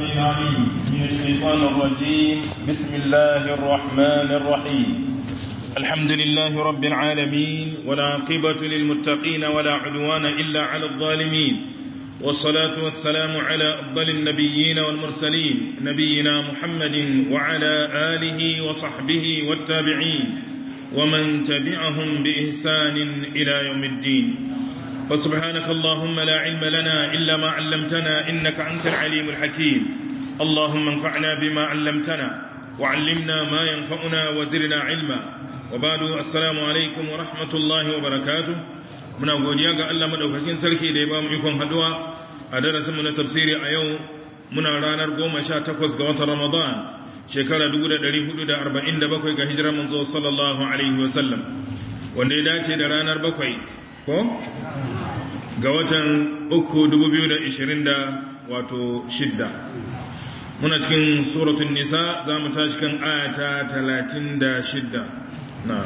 السميع العليم من الشيطان الرجيم بسم الله الرحمن الرحيم الحمد لله رب العالمين والعاقبة للمتقين ولا عدوان إلا على الظالمين والصلاة والسلام على أفضل النبيين والمرسلين نبينا محمد وعلى آله وصحبه والتابعين ومن تبعهم بإحسان إلى يوم الدين فسبحانك اللهم لا علم لنا إلا ما علمتنا إنك أنت العليم الحكيم اللهم انفعنا بما علمتنا وعلمنا ما ينفعنا وزرنا علما وبعد السلام عليكم ورحمة الله وبركاته muna godiya ga Allah maɗaukakin sarki da ya ba mu ikon haɗuwa? a darasinmu na tafsiri a yau muna ranar 18 ga watan Ramadan shekara 1447 ga hijirar manzo sallallahu alaihi wasallam wanda ya dace da ranar bakwai ko ga watan 3,2020 wato shidda muna cikin suratun nisa za mu tashi kan ayata 36 na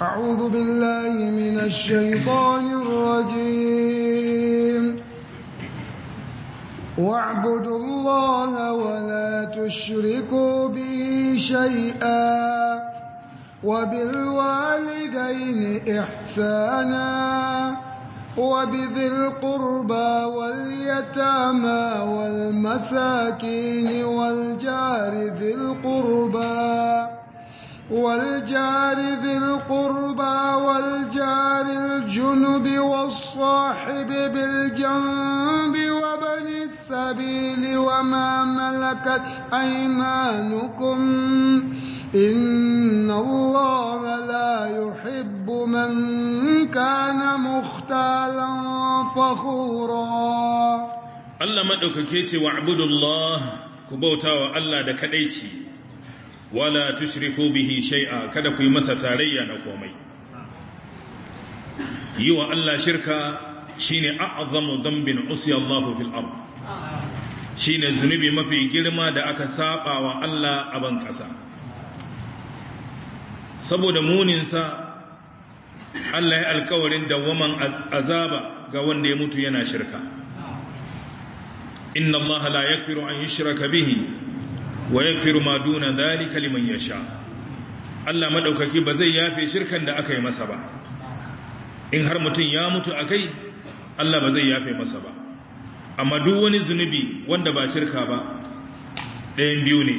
أعوذ بالله من الشيطان الرجيم واعبدوا الله ولا تشركوا به شيئا وبالوالدين إحسانا وبذي القربى واليتامى والمساكين والجار ذي القربى والجار ذي القربى والجار الجنب والصاحب بالجنب وبن السبيل وما ملكت أيمانكم إن الله لا يحب من كان مختالا فخورا Allah maɗaukake ce wa abudullah ku bauta wa Allah da kaɗaici wala tushriku bihi shai'a kada ku yi masa tarayya na komai yi wa Allah shirka shine a'zamu dambin usiya Allah fil ard shine zunubi mafi girma da aka saba wa Allah a ban ƙasa saboda muninsa Allah ya alkawarin dawwaman azaba ga wanda ya mutu yana shirka inna Allah la yakfiru an yushraka bihi wa yakfiru ma duna dhalika liman yasha Allah madaukaki ba zai yafe shirkan da aka yi masa ba in har mutum ya mutu akai Allah ba zai yafe masa ba amma duk wani zunubi wanda ba shirka ba ɗayan biyu ne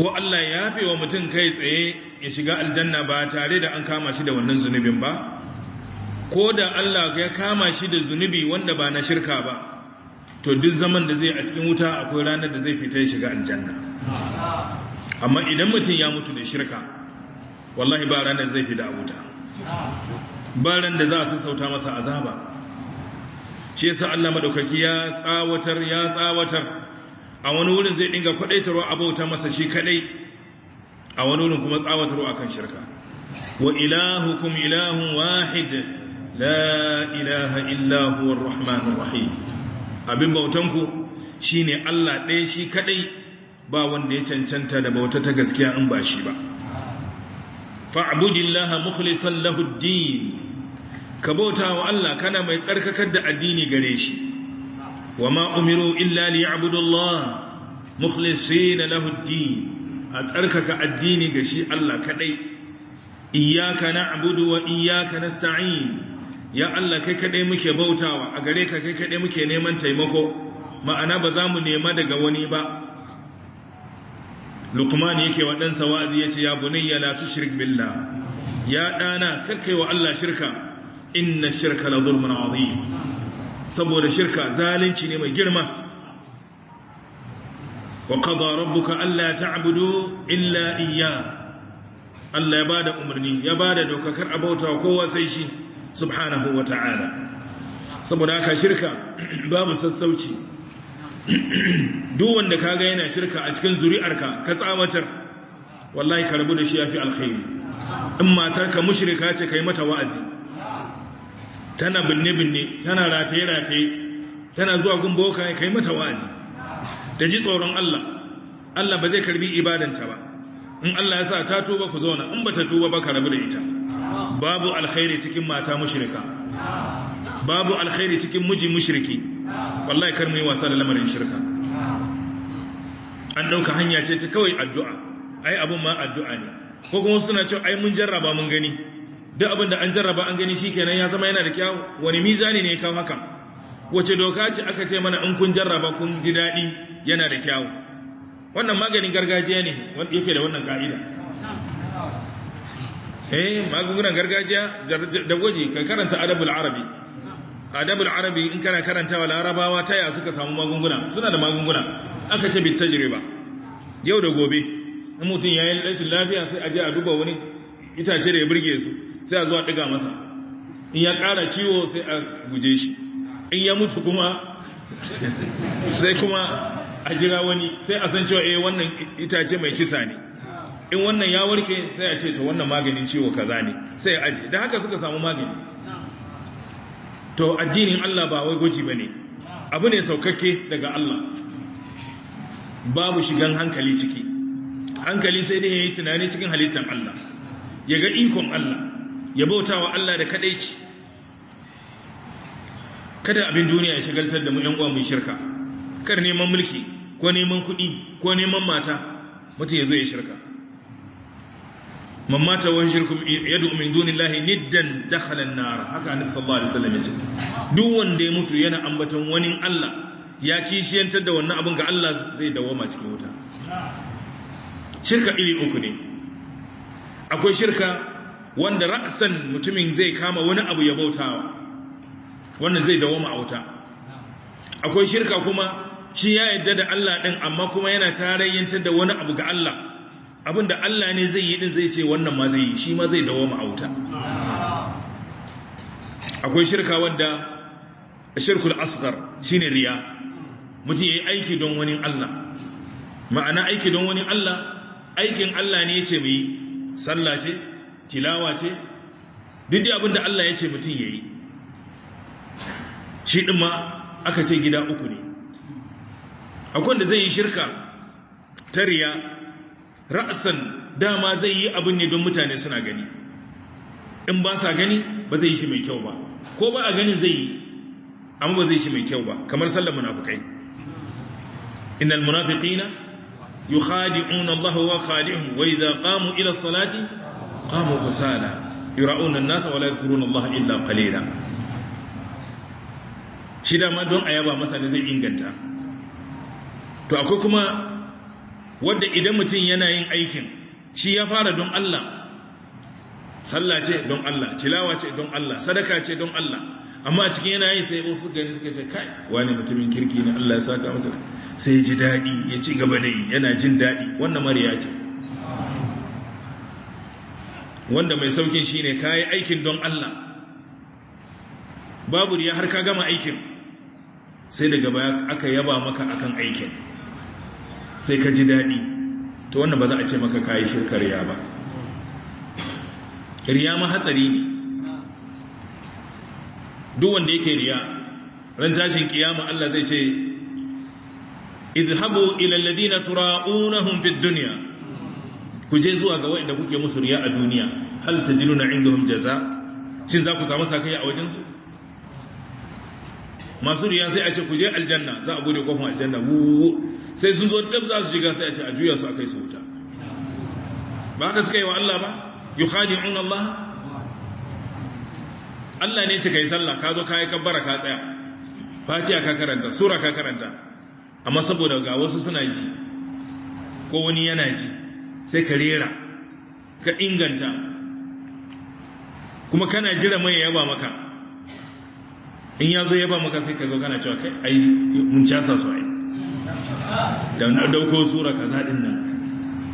ko Allah ya yafe wa mutum kai tsaye ya shiga aljanna ba tare da an kama shi da wannan zunubin ba ko da Allah ya kama shi da zunubi wanda ba na shirka ba to duk zaman da zai a cikin wuta akwai ranar da zai fita ya shiga aljanna amma idan mutum ya mutu da shirka wallahi ba ranar zai fi da wuta ba ran da za a sassauta masa azaba shi yasa Allah madaukaki ya tsawatar ya tsawatar a wani wurin zai dinga kwadaitarwa abauta masa shi kadai a wani wurin kuma tsawatarwa akan shirka wa kuma ilahun wahid la'ilaha ilaha illahu rahim abin bautanku shine Allah ɗaya shi kaɗai ba wanda ya cancanta da bauta ta gaskiya in ba shi ba fa’abudin laha lahu ad-din ka bauta wa Allah kana mai tsarkakar da addini gare shi wa ma umiru illa liya'budu Allah mukhlishin lahu lahudin. a tsarkaka addini ga shi Allah kaɗai iyaka na abudu wa iyaka na sa'in ya Allah kai kaɗai muke bautawa a gare ka kai kaɗai muke neman taimako ma'ana ba za mu nema daga wani ba lukman yake waɗansa ɗansa wa'azi ya ce ya bunayya la tushrik billah ya ɗana karkai wa Allah shirka inna shirka la zulmun azim saboda shirka zalunci ne mai girma wa qada rabbuka alla ta'budu illa iyya Allah ya bada umarni ya bada dokakar abauta kowa sai shi subhanahu wa saboda haka shirka babu sassauci duk wanda kaga yana shirka a cikin zuri'arka ka tsamatar wallahi ka rabu da shi yafi alkhairi in matarka mushrika ce kai mata wa'azi tana binne binne tana rataye rataye tana zuwa gun boka kai mata wa'azi ta ji tsoron Allah Allah ba zai karbi ibadanta ba in Allah ya sa ta tuba ku zauna in ba ta tuba ba ka rabu da ita babu alkhairi cikin mata mushrika babu alkhairi cikin miji mushriki wallahi kar mu yi wasa da lamarin shirka an dauka hanya ce ta kawai addu'a ai abun ma addu'a ne ko kuma suna cewa ai mun jarraba mun gani duk abin da an jarraba an gani shikenan ya zama yana da kyau wani mizani ne ya kawo haka wace doka ce aka ce mana in kun jarraba kun ji dadi? yana da kyawu wannan maganin gargajiya ne wanda yake da wannan ka'ida eh magungunan gargajiya da gwaji ka karanta adabul arabi adabul arabi in kana karanta wa larabawa ta ya suka samu magunguna suna da magunguna aka ce bit tajriba yau da gobe in mutum ya yi rashin lafiya sai a je a duba wani itace da ya burge su sai a zuwa ɗiga masa in ya ƙara ciwo sai a guje shi in ya mutu kuma sai kuma a jira wani sai a san cewa eh wannan itace mai kisa ne in wannan ya warke sai a ce to wannan maganin ciwo kaza ne sai aje da haka suka samu magani to addinin Allah ba wai goji bane abu ne saukakke daga Allah babu shigan hankali ciki hankali sai dai yayi tunani cikin halittar Allah ya ga ikon Allah ya bautawa Allah da kadaici kada abin duniya ya shagaltar da mu yan uwa mu shirka kar neman mulki ko neman kuɗi ko neman mata mutum ya zo ya shirka mamata wani wa shirkum yad'u min dunillahi niddan dakhalan nara haka annabi sallallahu alaihi wasallam yace duk wanda ya mutu yana ambaton wani Allah ya kishiyantar da wannan abin ga Allah zai dawoma cikin wuta shirka iri uku ne akwai shirka wanda ra'san mutumin zai kama wani abu ya bautawa wannan zai dawoma a wuta akwai shirka kuma shi ya yadda da Allah ɗin amma kuma yana tarayyantar da wani abu ga Allah abin da Allah ne zai yi ɗin zai ce wannan ma zai yi shi ma zai dawo ma'auta akwai shirka wadda shirkul asgar shi ne riya mutum ya yi aiki don wani Allah ma'ana aiki don wani Allah aikin Allah ne ya ce mu yi sallah ce tilawa ce duk da abin da Allah ya ce mutum ya yi shi ɗin ma aka ce gida uku ne akwai da zai yi shirka tariya ra'asan dama zai yi abin ne don mutane suna gani in ba sa gani ba zai yi shi mai kyau ba ko ba a ganin zai yi amma ba zai yi shi mai kyau ba kamar sallar munafukai innal munafiqina yukhadi'una Allah wa khadi'uhum wa idha qamu ila salati qamu kusala yura'una an-nasa wa la yadhkuruna Allah illa qalila shi ma don ayaba masa ne zai inganta to akwai kuma wadda idan mutum yana yin aikin shi ya fara don Allah sallah ce don Allah tilawa ce don Allah sadaka ce don Allah amma a cikin yana yin sai wasu gani suka ce kai wani mutumin kirki na Allah ya saka masa sai ya ji daɗi ya ci gaba da yi yana jin daɗi wannan mariya ce wanda mai saukin shine yi aikin don Allah babu riya har ka gama aikin sai daga baya aka yaba maka akan aikin sai ka ji daɗi to wannan ba za a ce maka kayi shirka riya ba riya ma hatsari ne duk wanda yake riya ran tashin kiyama Allah zai ce idhabu ila alladhina tura'unahum fid dunya ku je zuwa ga wanda kuke musu riya a duniya hal tajiduna indahum jaza shin za ku samu sakayya a wajensu? su masu riya sai a ce ku je aljanna za a gode kofin aljanna wuwu sai sun zo dab za su shiga sai a ce a juya su akai su wuta ba haka suka yi wa Allah ba yukhadi'un Allah Allah ne ce kai sallah ka zo ka yi kabbara ka tsaya fatiha ka karanta sura ka karanta amma saboda ga wasu suna ji ko wani yana ji sai ka rera ka inganta kuma kana jira mai yaba maka in ya zo ya ba maka sai ka zo kana cewa kai ai mun casa su ai da na dauko sura kaza din nan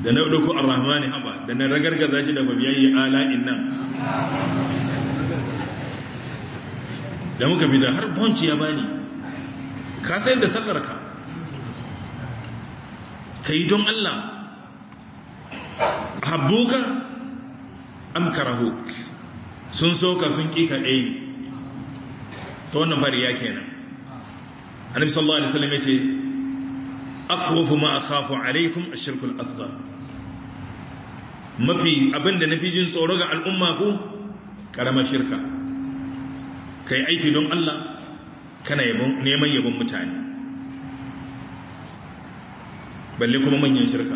da na dauko arrahmani haba da na ragargaza shi da babiyayi ala'in nan da muka bi da har bonci ya bani ka sayar da sallar ka ka yi don Allah Habuka an karahuk sun soka sun kika ɗaya ne ta wannan fariya kenan annabi sallallahu alaihi wasallam yace akhwafu ma akhafu alaikum ash-shirku al-asghar mafi abinda nafi jin tsoro ga al'umma ku karamar shirka kai aiki don Allah kana neman yabon mutane balle kuma manyan shirka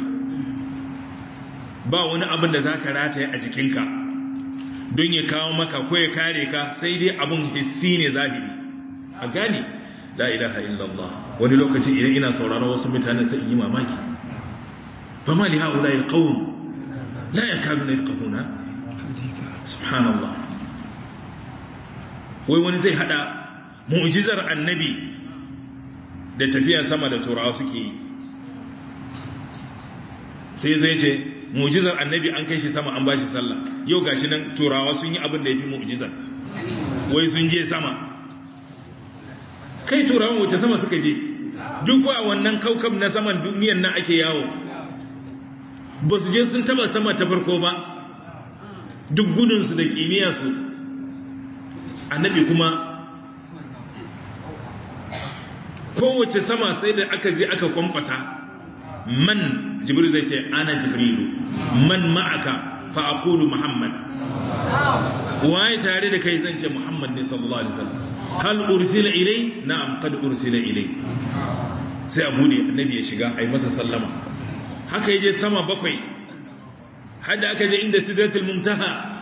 ba wani abin da zaka rataye a jikinka don ya kawo maka ko ya kare ka sai dai abun hissi ne zahiri a gane la ilaha illallah wani lokaci idan ina sauraron wasu mutane sai in yi mamaki fama li haula Na la yakaduna yafqahuna subhanallah wai wani zai hada mu'jizar annabi da tafiya sama da turawa suke yi sai zo ya ce mu'jizar annabi an kai shi sama an bashi sallah yau gashi nan turawa sun yi abin da yafi mu'jizar wai sun je sama kai turawan wace sama suka je duk wa wannan kaukab na saman duniyan nan ake yawo ba su je sun taba sama ta farko ba duk gudunsu da kimiyarsu annabi kuma kowace sama sai da aka je aka kwankwasa man jibril zai ce ana jibrilu man ma'aka fa aqulu muhammad waye tare da kai zan ce muhammad ne sallallahu alaihi wasallam hal ursila ilai na'am qad ursila ilai sai abu ne annabi ya shiga ai masa sallama haka yaje sama bakwai hada aka je inda sidratul muntaha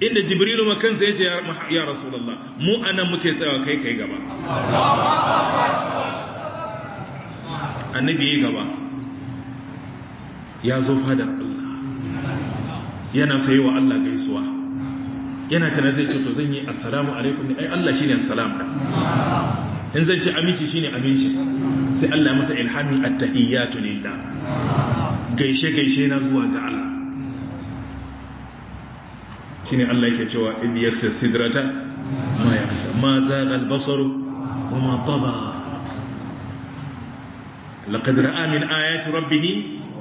inda jibrilu makansa yace ya rasulullah mu anan muke tsayawa kai kai gaba annabi ya gaba ya zo fadar Allah yana sai wa Allah gaisuwa yana tana zai ce to zan yi assalamu alaikum ai Allah shine assalam in zan ce aminci shine aminci sai Allah masa ilhami at-tahiyyatu lillah gaishe gaishe na zuwa ga Allah shine Allah yake cewa idh yaksa sidrata ma ya ma zaqa al-basaru wa ma tabaa laƙad ra'a min ayati rabbihi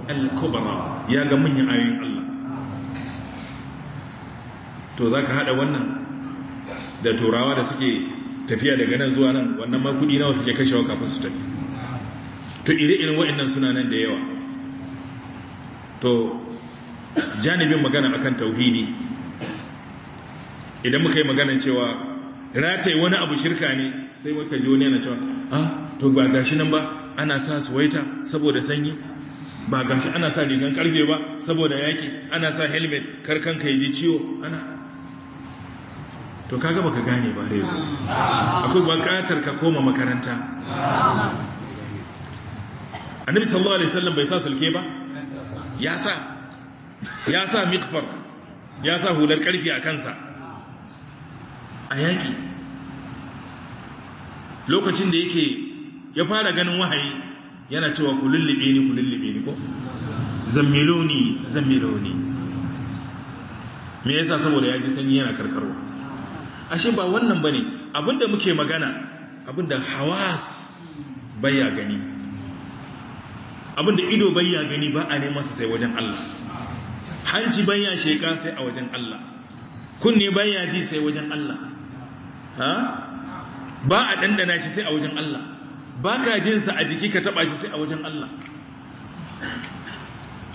al-kubra ya ga manyan ayoyin Allah to zaka hada wannan da turawa da suke tafiya daga nan zuwa nan wannan ma kudi nawa suke kashewa kafin su tafi to ire-iren waɗannan suna nan da yawa to janibin magana akan tauhidi idan muka yi magana cewa rataye wani abu shirka ne sai waka ji wani yana cewa ah to ba gashi nan ba ana sa suwaita saboda sanyi ba gashi ana sa rigan karfe ba saboda yaki ana sa helmet karkan ka ji ciwo ana to kaga baka gane ba rezo akwai bukatar ka koma makaranta annabi sallallahu alaihi wasallam bai sa sulke ba ya sa ya sa mikfar ya sa hular karfe a kansa a yaki lokacin da yake ya fara ganin wahayi yana cewa ku lullube ni ku lullube ni ko zammiloni zammiloni me yasa saboda ya ji sanyi yana karkarwa ashe ba wannan bane abinda muke magana abinda hawas baya gani abinda ido baya gani ba a neman su sai wajen Allah hanci baya sheka sai a wajen Allah kunne baya ji sai wajen Allah ha ba a dandana shi sai a wajen Allah ba ka jinsa a jiki ka taba shi sai a wajen Allah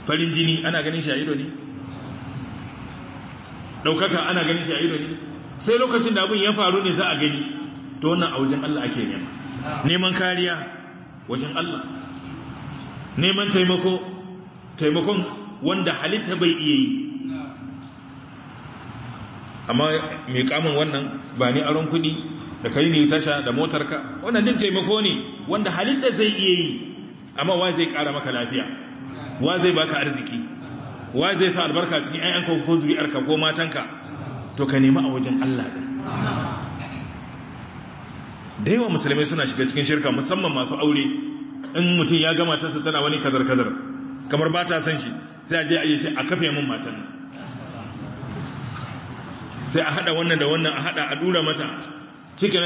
farin jini ana ganin shi a ido ne ɗaukaka ana ganin shi a ido ne sai lokacin da abin ya faru ne za a gani to wannan a wajen Allah ake nema neman kariya wajen Allah neman taimako taimakon wanda halitta bai iya yi amma mai kamun wannan ba ni aron kuɗi da kai ne tasha da motarka wannan din taimako ne wanda halitta zai iya yi amma wa zai ƙara maka lafiya wa zai baka arziki wa zai sa albarka cikin ka ko arka ko matanka to ka nemi a wajen Allah din da yawa musulmai suna shiga cikin shirka musamman masu aure in mutum ya gama tasa tana wani kazar-kazar kamar ba ta san shi sai a je a yi ce a kafe mun matan nan. sai a hada wannan da wannan a hada a dura mata nan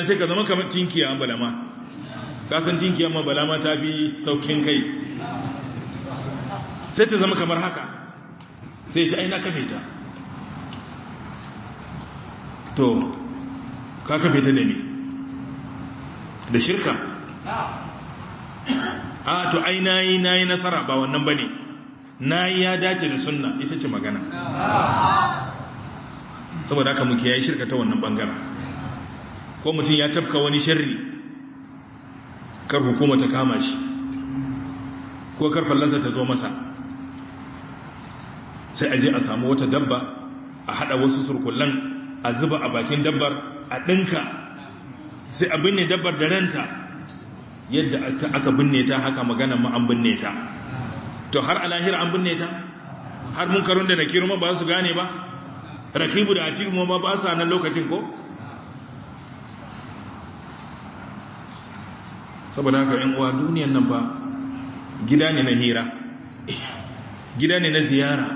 sai ka zama kamar tinkiya balama kasan tinkiya ma balama ta fi saukin kai sai ta zama kamar haka sai ci aina kafe ta to ka kafe ta da ne da shirka a to yi na yi nasara ba wannan na yi ya dace da suna ita ce magana saboda haka muke yayi shirka ta wannan bangaren ko mutum ya tafka wani sharri kar hukuma ta kama shi ko kar fallansa ta zo masa sai aje a samu wata dabba a hada wasu surkullan a zuba a bakin dabbar a ɗinka sai a binne dabbar da ranta yadda aka binne ta haka magana ma an binne ta to har a lahira an binne ta har munkarun da na kirma ba su gane ba rakibu da atiku ma ba sa nan lokacin ko saboda haka yan uwa duniyan nan ba gida ne na hira gida ne na ziyara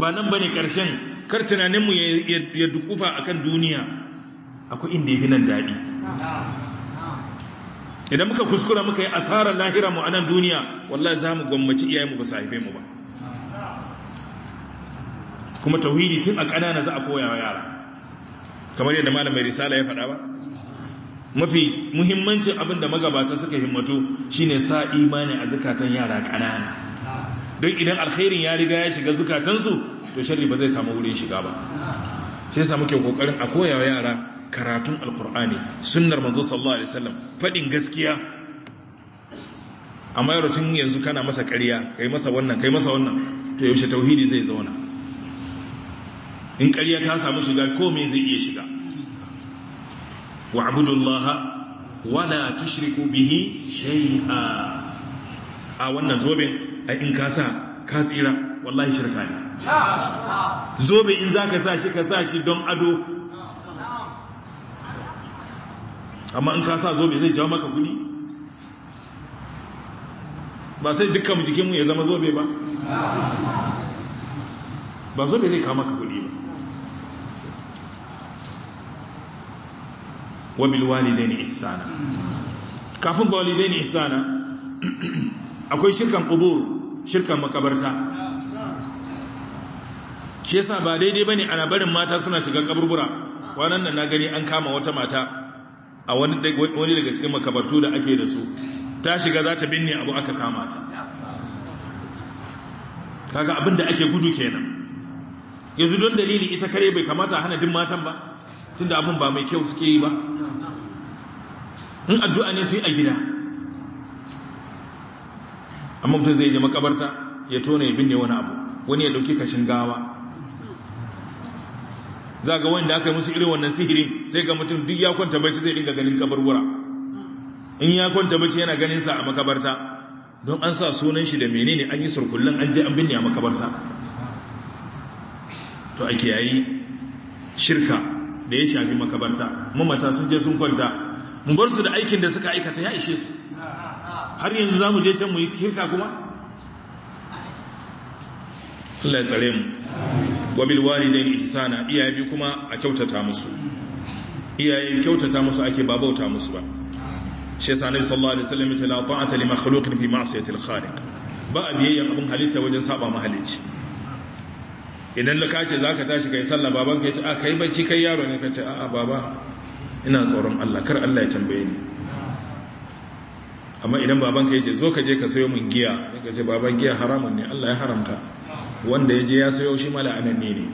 ba nan ba ne karshen kar tunaninmu ya dukufa kan duniya akwai inda fi nan daɗi idan muka kuskura muka yi asarar lahira mu a nan duniya wallah za mu gwammaci iyayenmu ba su haife mu ba kuma tauhidi tun a ƙanana za a koya wa yara kamar yadda malam mai risala ya faɗa ba mafi muhimmancin abin da magabata suka himmatu shine sa imani a zukatan yara ƙanana don idan alkhairin ya riga ya shiga zukatansu to sharri ba zai samu wurin shiga ba shi samu ke kokarin a koya wa yara karatun alkur'ani sunnar manzo sallallahu alaihi wasallam faɗin gaskiya amma tun yanzu kana masa ƙarya kai masa wannan kai masa wannan to yaushe tauhidi zai zauna in ƙarya ta samu shiga ko me zai iya shiga wa abudullaha wala tushriku bihi shay'a a wannan zobe a in ka sa ka tsira wallahi shirka ne zobe in za ka sa shi ka sa shi don ado amma in ka sa zobe zai jawo maka kudi ba sai dukkan jikinmu ya zama zobe ba ba zobe zai kama ka wa bil walidaini ihsana kafin ga walidaini ihsana akwai shirkan qubur shirkan makabarta ce yasa ba daidai bane ana barin mata suna shiga kaburbura wannan nan na gani an kama wata mata a wani daga cikin makabartu da ake da su ta shiga za ta binne abu aka kama ta kaga abin da ake gudu kenan yanzu don dalili ita kare bai kamata hana din matan ba tunda abin ba mai kyau suke yi ba in addu'a ne su yi a gida amma mutum zai je makabarta ya tona ya binne wani abu wani ya ɗauki kashin gawa za ga da aka yi musu irin wannan sihirin sai ga mutum duk ya kwanta bacci zai dinga ganin kabarwura in ya kwanta yana ganin sa a makabarta don an sa sunan shi da menene an yi surkullun an je an binne a makabarta to ake yayi shirka da ya shafi makabarta mamata sun je sun kwanta mu bar su da aikin da suka aikata ya ishe su har yanzu za mu je can mu yi shirka kuma Allah ya tsare mu wa bil walidain ihsana iyaye bi kuma a kyautata musu iyaye kyautata musu ake ba bauta musu ba shi yasa nabi sallallahu alaihi wasallam ya ce la ta'ata li makhluqin fi ma'siyati al-khaliq ba abiyayya abun halitta wajen saba mahalicci. idan da ce za ka tashi kai sallah baban ka ce a kai bacci kai yaro ne ka ce a baba ina tsoron Allah kar Allah ya tambaye ni amma idan baban ka ce zo ka je ka sayo min giya ka ce baban giya haramun ne Allah ya haramta wanda ya je ya sayo shi mala anan ne ne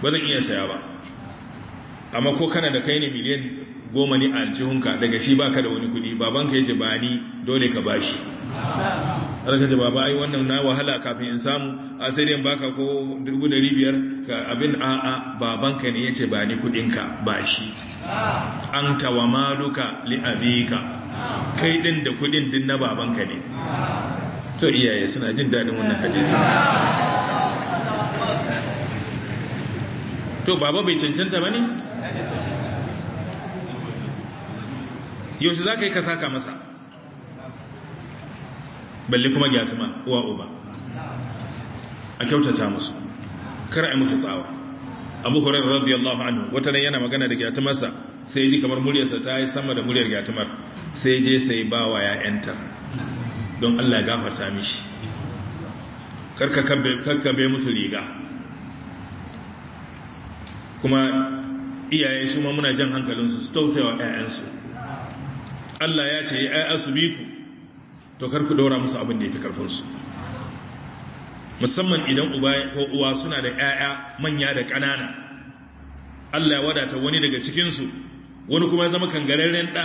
ba zan iya saya ba amma ko kana da kai ne miliyan goma ne a aljihunka daga shi baka da wani kudi baban ka ce ba ni dole ka bashi har ce ba ai wannan na wahala kafin in samu a sai dai baka ko 1500 ka abin a a babanka ne yace ba ni kudinka ba shi anta wa maluka li abika kai din da kudin din na babanka ne to iyaye suna jin dadin wannan hadisi to baba bai cancanta bane yaushe za ka yi ka saka masa balle kuma gyatuma uwa uba a kyautata musu kar a musu tsawa abu hurairah radiyallahu anhu wata nan yana magana da gyatumarsa sai ji kamar muryarsa ta yi sama da muryar gyatumar sai je sai bawa ya yanta don Allah ya gafarta mishi karkabe musu riga kuma iyaye shi ma muna jan hankalinsu su tausayawa 'ya'yansu Allah ya ce 'ya'ya su to kar ku daura musu abin da ya fi karfinsu musamman idan uba ko uwa suna da 'ya'ya manya da ƙanana Allah ya wadata wani daga cikinsu wani kuma ya zama kangararren ɗa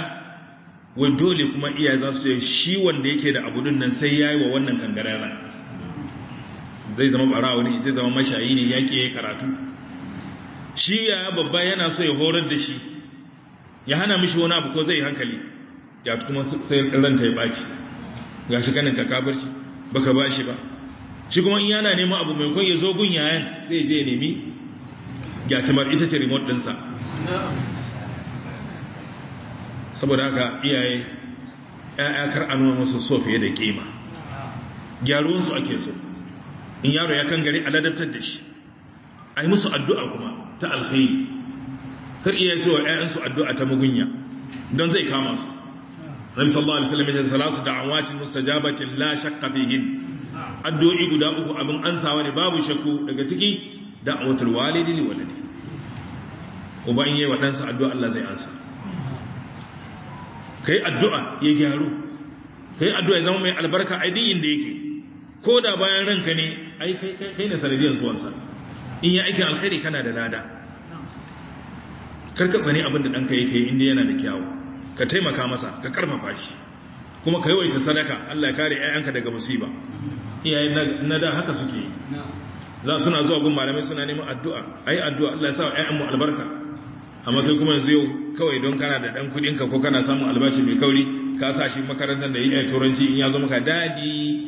wani dole kuma iya za su ce shi wanda yake da abudun nan sai ya yi wa wannan kangararren zai zama ɓarawa ne zai zama mashayi ne ya ke karatu shi ya babba yana so ya horar da shi ya hana mishi wani abu ko zai hankali ya kuma sai ranta ya ɓaci ga shi kanin kakabarci ba ka baka ba shi ba shi kuma in yana neman abu mai kwan ya zo gun yayan sai je ya nemi gyatumar ita ce remote ɗinsa saboda haka iyaye ‘ya'ya kar a nuna masu so fiye da kima. gyaruwansu ake so in yaro ya kan gari aladabtar da shi a yi musu addu'a kuma ta alkhairi kar iyaye su wa ‘ya'yansu addu'a ta mugunya don zai kama su Nabi sallallahu alaihi wasallam ya ce salatu da'awatin mustajabatin la shakka fihin addu'o'i guda uku abin ansawa ne babu shakku daga ciki da'awatul walidi li waladi uba in yayi wa addu'a Allah zai ansa kai addu'a ya gyaru kai addu'a ya zama mai albarka a duk da yake ko da bayan ranka ne ai kai kai ne sanadiyar sa, in ya aikin alkhairi kana da lada karka tsani abin da ɗanka yake inda yana da kyawu ka taimaka masa ka karfafa shi kuma ka yawaita sadaka Allah ya kare 'ya'yanka daga musiba iyaye na da haka suke yi za suna zuwa gun malamai suna neman addu'a ai addu'a Allah ya sa ƴaƴanmu albarka amma kai kuma yanzu kawai don kana da dan kudin ka ko kana samun albashi mai kauri ka sa shi makarantar da yayi turanci in ya zo maka dadi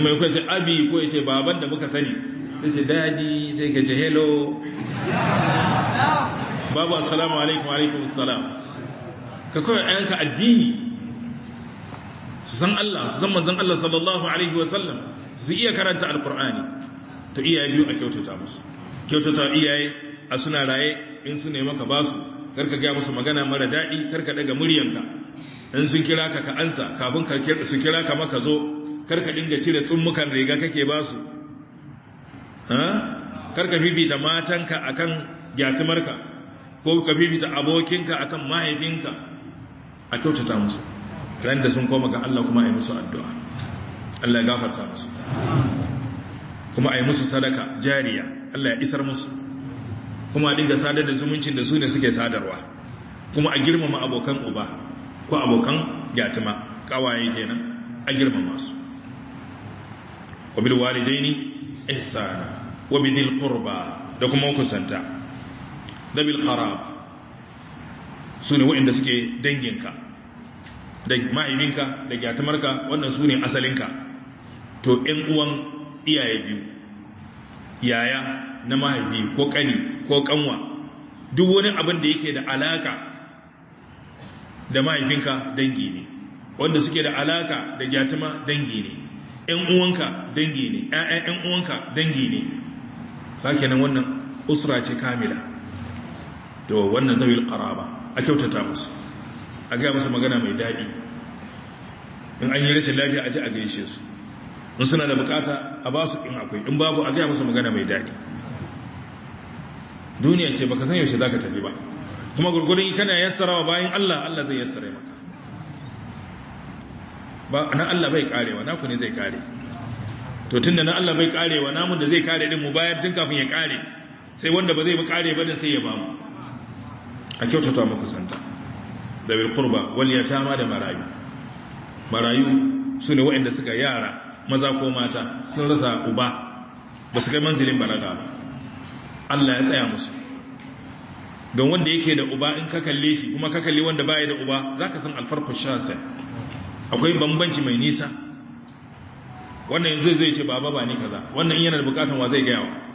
mai kwace abi ko yace baban da muka sani sai ce dadi sai ka ce hello babu assalamu alaikum alaikum assalam ka kawai ayanka addini su san Allah su san manzan Allah sallallahu alaihi wa sallam su iya karanta alkur'ani Ta iyaye biyu a kyautata musu kyautata iyaye a suna raye in su nema ka basu karka gaya musu magana mara daɗi karka daga muryanka in sun kira ka ka ansa kafin ka su kira ka maka zo karka dinga cire tsummukan riga kake basu ha karka fifita matanka akan gyatumarka ko ka fifita abokinka akan mahaifinka a kyautata musu ran da sun koma ga Allah kuma a yi musu addu'a Allah ya gafarta musu kuma a yi musu sadaka jariya Allah ya isar musu kuma a dinga sadar da zumuncin da su ne suke sadarwa kuma a girmama abokan uba ko abokan yatima kawaye kenan a girmama su wabil walidaini ihsana wabil qurba da kuma kusanta dhabil qarab su ne waɗanda suke danginka da mahaifinka da gyatumarka wannan su ne asalinka to ‘yan uwan iyaye biyu yaya na mahaifi ko ƙani ko ƙanwa duk wani abin da yake da alaka da mahaifinka dangi ne wanda suke da alaka da gyatuma dangi ne ‘yan uwanka dangi ne ɗan uwanka dangi ne ba kenan wannan usra ce kamila to wannan zawil qaraba a kyautata musu a ga musu magana mai daɗi in an yi rashin lafiya a ji a gaishe su in suna da bukata a ba su in akwai in babu a gaya musu magana mai daɗi duniya ce baka san yaushe zaka tafi ba kuma gurgurun kana yassara wa bayan Allah Allah zai yassare maka ba na Allah bai karewa naku ne zai kare to tunda na Allah bai karewa namun da zai kare din mu bayan tun kafin ya kare sai wanda ba zai ba kare ba din sai ya mu a kyautata makusanta da bil qurba wal yatama da marayu marayu su ne waɗanda suka yara maza ko mata sun rasa uba ba su kai manzilin balaga ba Allah ya tsaya musu don wanda yake da uba in ka kalle shi kuma ka kalli wanda baya da uba zaka san alfarko shasa akwai bambanci mai nisa wannan yanzu zai ce baba ba ni kaza wannan yana da bukatan wa zai gayawa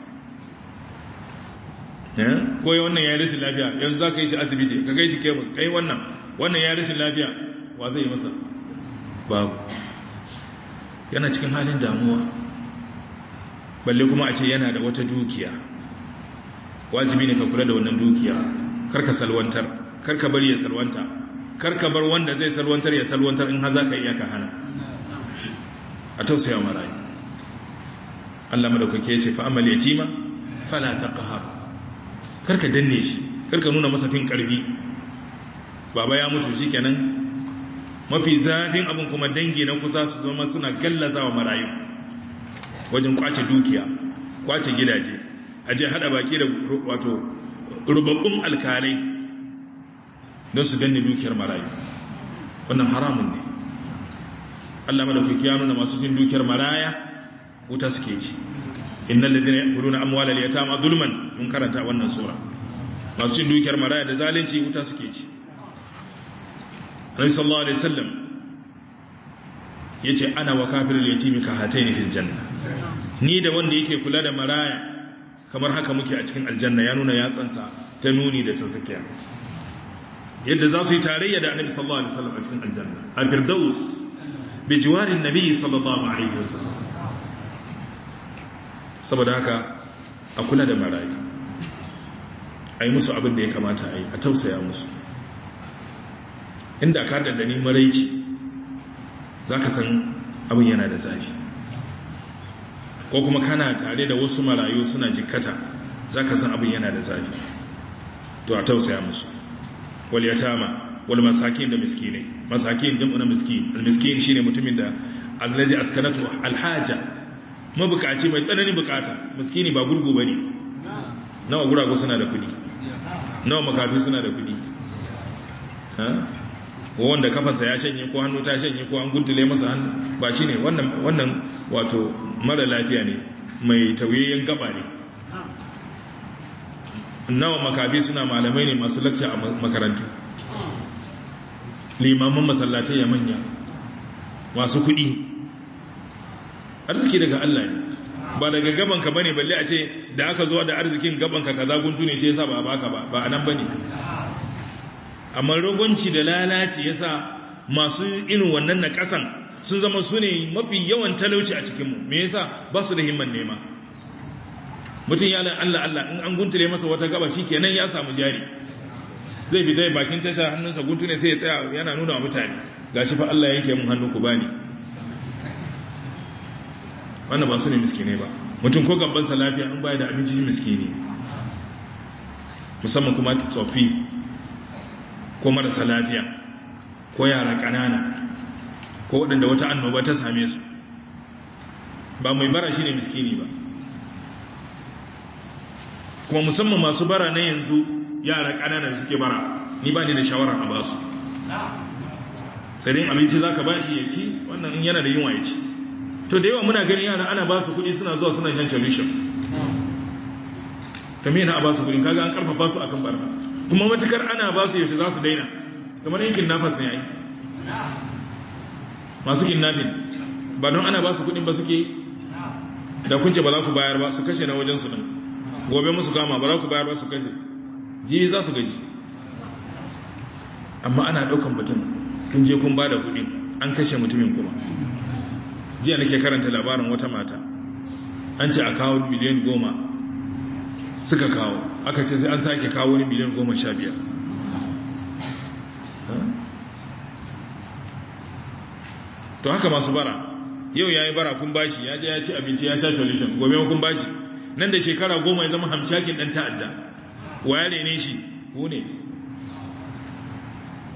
ko eh? wannan ya yi rashin lafiya yanzu za ka yi shi asibiti ka gai shi kemus ka yi wannan wannan ya yi rashin lafiya wa zai yi masa babu yana cikin halin damuwa balle kuma a ce yana da wata dukiya wajibi ne ka kula da wannan dukiya karka salwantar karka bari ya salwanta karka bar wanda zai salwantar ya salwantar in haza ka iya ka hana a tausaya marayu Allah madaukake ya ce fa amal yatima fala taqhar karka danne shi karka nuna masa fin karfi baba ya mutu shi kenan mafi zafin abin kuma dangi na kusa su zama suna gallaza wa marayu wajen kwace dukiya kwace gidaje a je hada baki da wato rubabbun alkalai don su danne dukiyar marayu wannan haramun ne Allah madaukaki ya nuna masu cin dukiyar maraya wuta suke ci innal ladina yaquluna amwala al-yatama zulman mun karanta wannan sura masu cin dukiyar maraya da zalunci wuta suke ci Nabi sallallahu alaihi wasallam yace ana wa kafirul yatimi ka hataini fil janna ni da wanda yake kula da maraya kamar haka muke a cikin aljanna ya nuna yatsansa ta nuni da tsakiya yadda za su yi tarayya da annabi sallallahu alaihi wasallam a cikin aljanna a firdaus bi jiwarin nabi sallallahu alaihi wasallam saboda haka a kula da maraya. a yi musu abin da ya kamata a yi a tausaya musu inda ka dandani maraici za ka san abin yana da zafi ko kuma kana tare da wasu marayu suna jikkata za ka san abin yana da zafi to a tausaya musu wal yatama wal masakin da ne masakin jam'u na miskin al miskin shine mutumin da allazi askanatu al haja mabukaci mai tsananin bukata miskini ba gurgu bane nawa gurago suna da kudi nawa makafi suna da kuɗi wanda kafasa ya shanye ko hannu ta shanye ko an guntule masa hannu ba shi ne wannan wato mara lafiya ne mai tauyayyen gaba ne nawa makafi suna malamai ne masu lakci a makarantu limamin masallatai ya manya masu kuɗi arziki daga Allah ne ba daga gaban ka bane balle a ce da aka zuwa da arzikin gaban ka kaza guntu ne shi yasa ba baka ba ba anan bane amma rogonci da lalaci yasa masu irin wannan na kasan sun zama su ne mafi yawan talauci a cikin mu me yasa ba su da himman nema mutum ya Allah Allah in an guntule masa wata gaba shi nan ya samu jari zai fita bakin tasha hannunsa guntu ne sai ya tsaya yana nuna wa mutane gashi fa Allah yake mun hannu ku bani wannan ba su ne miskinai ba mutum ko sa lafiya an baya da abinci shi miskini ne musamman kuma tsofi ko marasa lafiya ko yara ƙanana ko waɗanda wata annoba ta same su ba mai bara shi ne miskini ba kuma musamman masu bara na yanzu yara kanana da suke bara ni ba ne da shawara a basu su abinci za ka ba shi ya wannan in yana da yunwa ya ci to da yawa muna gani yana ana ba su kuɗi suna zuwa suna shan solution kamar yana a ba su kuɗi kaga an karfafa su akan barna kuma matukar ana ba su yaushe za su daina kamar yankin nafas ne ai masu kidnapping ba don ana ba su kuɗin ba suke da kunce ba za ku bayar ba su kashe na wajen su ɗin gobe musu gama ba za ku bayar ba su kashe ji za su gaji amma ana ɗaukan mutum kun je kun ba da kuɗin an kashe mutumin kuma jiya nake karanta labarin wata mata an ce a kawo miliyan goma suka kawo aka ce sai an sake kawo wani miliyan goma sha biyar to haka masu bara yau ya yi bara kun bashi ya je ya ci abinci ya sha solution gobe kun bashi nan da shekara goma ya zama hamshakin dan ta'adda waya ne shi ku ne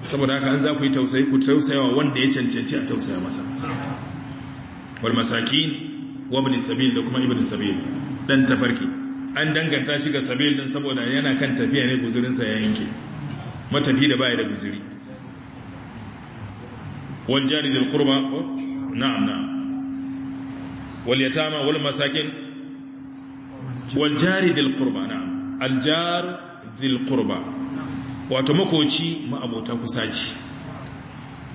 saboda haka an za ku yi tausayi ku tausayawa wanda ya cancanci a tausaya masa wal masakin sabil da kuma ibn sabil dan tafarki an danganta shi ga sabil din saboda yana kan tafiya ne guzurin ya yanke matafi da baya da guziri. wal jari kurma na'am na'am wal yatama wal masakin wal jari kurma qurba na'am al jar dil qurba wato makoci ma'abota kusaci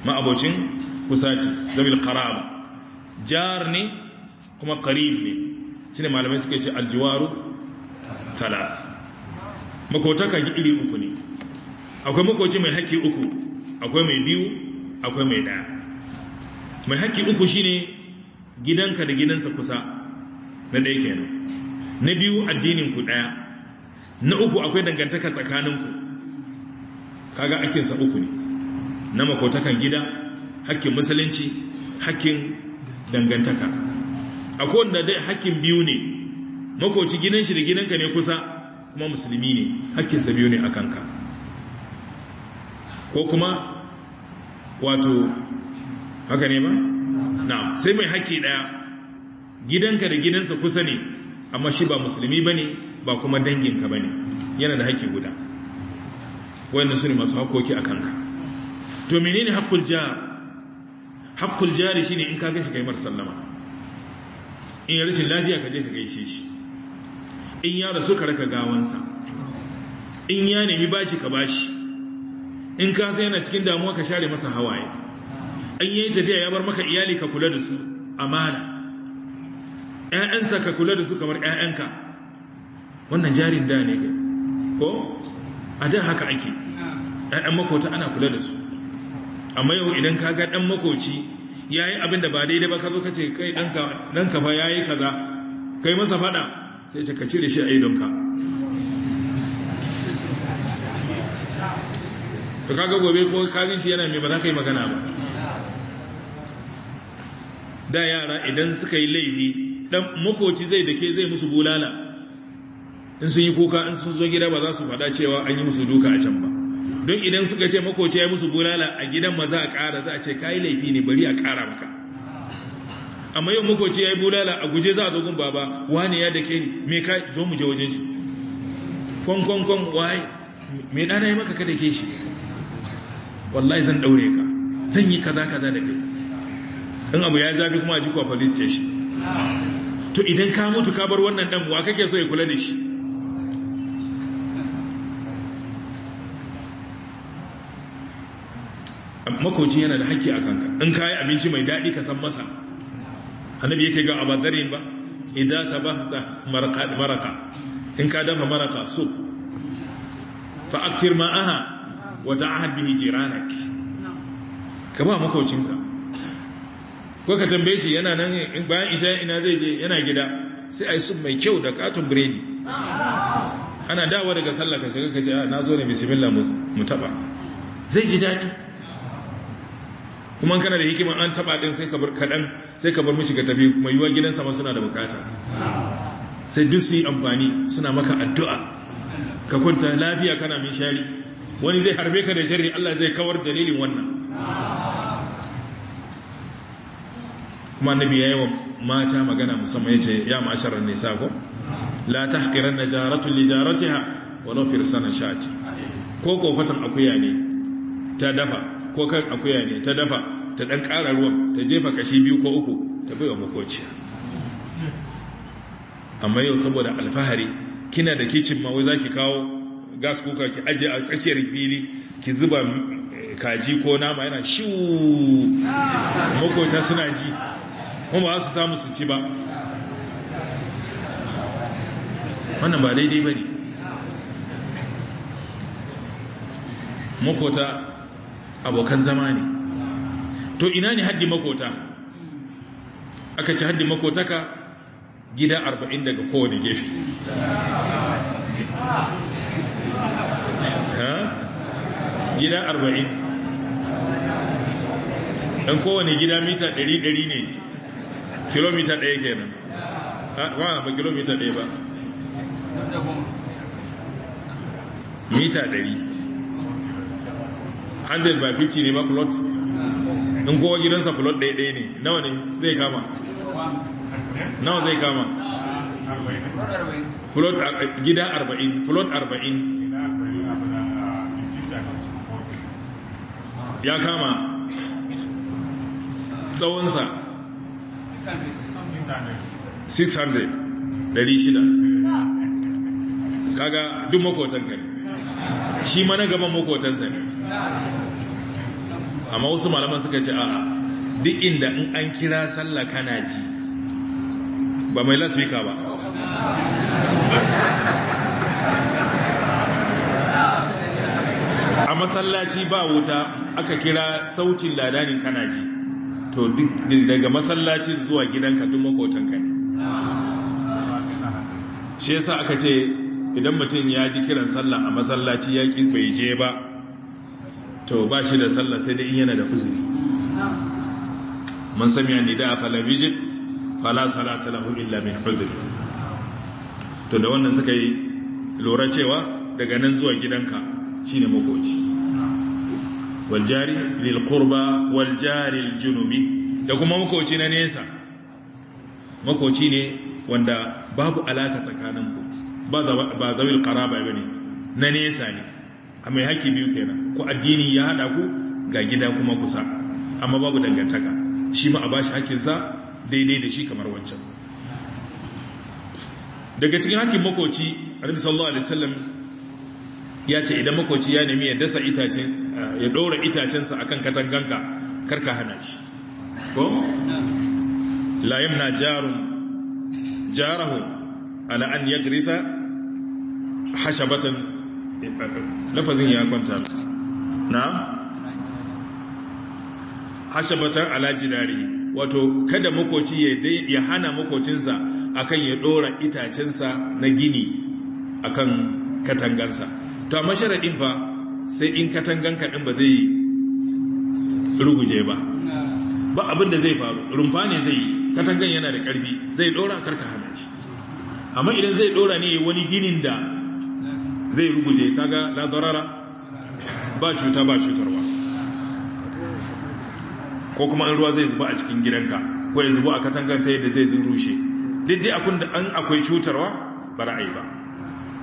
ma'abocin kusaci zabil qaraba jar ne kuma karib ne shine malamai suka ce aljiwaru thalath makotaka iri uku ne akwai makoci mai haƙƙi uku akwai mai biyu akwai mai ɗaya mai haƙƙi uku shine gidanka da gidansa kusa na ɗaya kenan na biyu addininku ɗaya na uku akwai dangantaka tsakaninku kaga akinsa uku ne na makotakan gida hakkin musulunci hakkin dangantaka akwai wanda dai hakkin biyu ne makoci gidan shi da gidanka ne kusa kuma musulmi ne hakkinsa biyu ne a kanka ko kuma wato haka ne ba na sai mai hakki daya gidanka da gidansa kusa ne amma shi ba musulmi ba ne ba kuma danginka ba ne yana da hakki guda wannan su ne masu hakoki a kanka to menene haƙƙun jihar haƙƙul jari shine in ka gashi kaimar sallama in ya rashin lafiya ka je ka gaishe shi in ya rasu ka raka gawansa in ya nemi bashi ka bashi in ka sai yana cikin damuwa ka share masa hawaye an yi tafiya ya bar maka iyali ka kula da su amana ‘ya'yansa ka kula da su kamar ‘ya'yanka wannan jarin da ne ko a haka ake ‘ya'yan makota ana kula da su amma yau idan ka ga dan makoci ya yi abin da ba daidai ba ka zo ka ce kai dan kafa ya yi kaza kai masa fada sai ce ka cire shi a idonka to kaga gobe ko kagin shi yana mai ba za ka yi magana ba da yara idan suka yi laifi dan makoci zai da ke zai musu bulala in sun yi kuka in sun zo gida ba za su fada cewa an yi musu duka a can ba don idan suka ce makoci ya musu bulala a gidan ma za a ƙara za a ce kayi laifi ne bari a ƙara maka amma yau makoci ya yi bulala a guje za a zogun baba wani ya da ke ni me ka zo mu je wajen shi kwankwankwan waye me ɗana ya maka ka da ke shi wallahi zan ɗaure ka zan yi kaza kaza da kai in abu ya zafi kuma a jikwa police station to idan ka mutu ka bar wannan ɗan wa kake so ya kula da shi makocin yana da haƙƙi a kanka in ka yi abinci mai daɗi ka san masa annabi yake ga abadarin ba idan ta ba ta maraka in ka dafa maraka so fa akfir ma'aha wata ta'ahad bihi jiranak ka ba ka, ko ka tambaye shi yana nan bayan isa ina zai je yana gida sai ai sun mai kyau da katon biredi ana dawa daga sallah ka shiga ka ce ah, na zo ne bisimillah mu taɓa, zai ji daɗi kuma kana da hikima an taba din sai ka bar kadan sai ka bar mishi ka tafi mai yiwa gidan ma suna da bukata sai duk su yi amfani suna maka addu'a ka kwanta lafiya kana min shari wani zai harbe ka da shari Allah zai kawar dalilin wannan kuma annabi yayi wa mata magana musamman yace ya ma'asharan nisa sako la tahqiran najaratu li jaratiha walau firsana shati ko kofatan akuya ne ta dafa ko kan akuya ne ta dafa ta dan ƙara ruwan ta jefa kashi biyu ko uku ta bai wa makociya amma yau saboda alfahari kina da kicin ma wai zaki kawo gas kuka ki ajiye a tsakiyar fili ki zuba eh, kaji ko nama yana shiwu makota suna ji kuma ba su samu su ci ba wannan ba daidai ba ne makota abokan zama ne to ina ne haddi makota aka ci haddi makota ka gida 40 daga kowane gefe gida 40 ɗan kowane gida mita 100 ne kilomita ɗaya kenan ba ba kilomita ɗaya ba mita ɗari. 100 by 50 ne ba plot ah. in kowa gidansa plot ɗaya ne nawa ne zai kama nawa zai kama plot gida 40 plot 40 ya kama tsawonsa 600 600 ah. kaga duk makotan ka shi mana gaban makotansa ne amma wasu malaman suka ce a duk inda in an kira sallah kana ji ba mai lasfika ba a masallaci ba wuta aka kira sautin ladanin kana ji to daga masallacin zuwa gidanka duk makotanka ne shi yasa aka ce idan mutum ya ji kiran sallah a masallaci ya ki bai je ba to ba shi da sallah sai dai yana da kuzuri man sami yadda a falabijin falasala ta lahu illa mai udhr to da wannan suka yi lura cewa daga nan zuwa gidanka shine makoci wal waljari lil waljari wal junubi da kuma makoci na nesa makoci ne wanda babu alaka tsakaninku ba zawil ba ne. na nesa ne a mai haƙi biyu kenan ku addini ya haɗa ku ga gida kuma kusa amma babu dangantaka shi ma a ba shi haƙinsa daidai da shi kamar wancan daga cikin haƙin makoci annabi sallallahu alaihi wasallam ya ce idan makoci ya nemi ya dasa itacen eh, ya ɗora itacensa kan katanganka karka hana shi ko layim na jarun jarahu ala an yagrisa hashabatan lafazin ya kwanta na hashabatan alajidari wato kada makoci ya hana makocinsa akan ya dora itacensa na gini akan katangansa to amma sharadin fa sai in katangan kaɗin ba zai ruguje ba ba abin da zai faru rumfa ne zai yi katangan yana da ƙarfi zai dora karka hana shi amma idan zai dora ne wani ginin da zai ruguje kaga la darara ba cuta ba cutarwa ko kuma an ruwa zai zuba a cikin gidanka ko ya zuba a katangar ta yadda zai rushe duk akun da an akwai cutarwa ba ra'ayi ba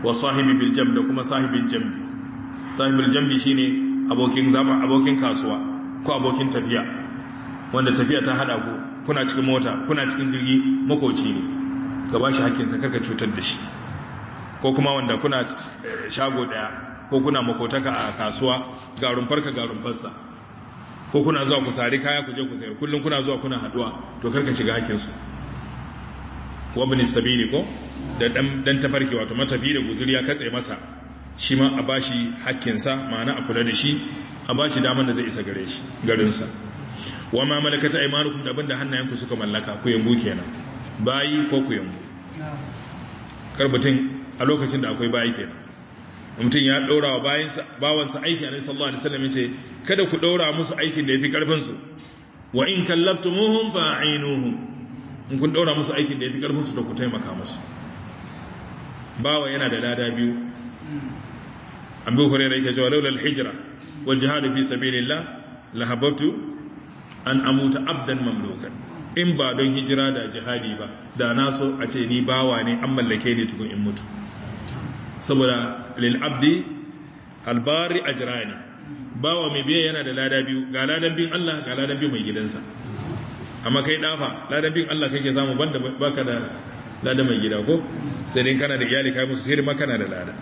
wa sahibi bil da kuma sahibin jambi sahibin jambi shine abokin zama abokin kasuwa ko abokin tafiya wanda tafiya ta hada ku kuna cikin mota kuna cikin jirgi makoci ne ka bashi hakkin sa karka cutar da shi ko kuma wanda kuna eh, shago daya ko kuna makotaka a kasuwa ga rumfarka ga rumfarsa ko kuna zuwa ku sari kaya ku je ku sayar kullum kuna zuwa kuna haduwa to karka shiga hakinsu wa bani sabili ko da dan tafarki wato matafi da guzuri ya katse masa shi ma a bashi sa ma'ana a kula da shi a bashi daman da zai isa gare shi garinsa wa ma malakata aymanukum da abinda hannayenku suka mallaka ku yambu kenan bayi ko ku yambu karbutin a lokacin da akwai bayi kenan mutum ya ɗora wa bawansa aiki a sallallahu alaihi wasallam ce kada ku ɗora musu aikin da ya fi ƙarfinsu wa in muhun kallaftumuhum fa'inuhum in kun ɗora musu aikin da ya fi ƙarfinsu da ku taimaka musu bawa yana da lada biyu an bi kurera yake cewa laulal hijira wal hada fi sabilillah lahabbatu an amuta abdan mamlukan in ba don hijira da jihadi ba da na so a ce ni bawa ne an mallake ne tukun in mutu saboda lil'abdi albari a jirani bawa mai biya yana da lada biyu ga ladan bin Allah ga ladan bin mai gidansa amma kai dafa ladan bin Allah kake samu banda baka da lada mai gida ko sai dai kana da iyali kai musu hidima kana da lada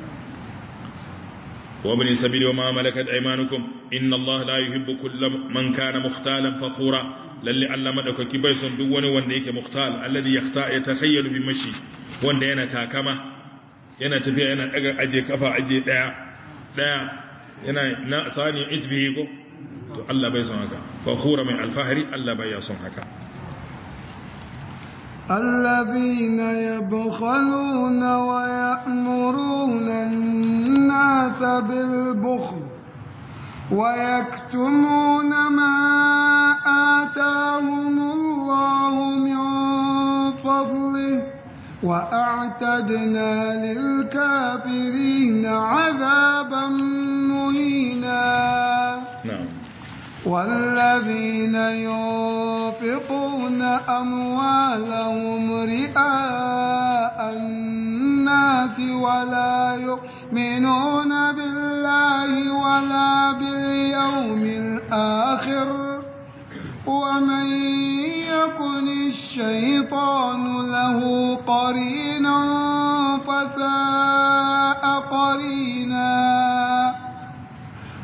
وابن السبيل وما ملكت ايمانكم ان الله لا يحب كل من كان مختالا فخورا lalle Allah madaukaki bai son duk wani wanda yake muhtal alladhi yakhta yatakhayyalu bi mashi wanda yana takama yana tafiya yana daga aje kafa aje daya daya yana na sani itbihi ko to Allah bai son haka fa khura min alfahri Allah bai son haka الذين يبخلون ويأمرون الناس بالبخل ويكتمون ما آتاهم الله من فضله وأعتدنا للكافرين عذابا مهينا نعم. والذين ينفقون أموالهم رئاء الناس ولا يؤمنون بالله ولا باليوم الآخر ومن يكن الشيطان له قرينا فساء قرينا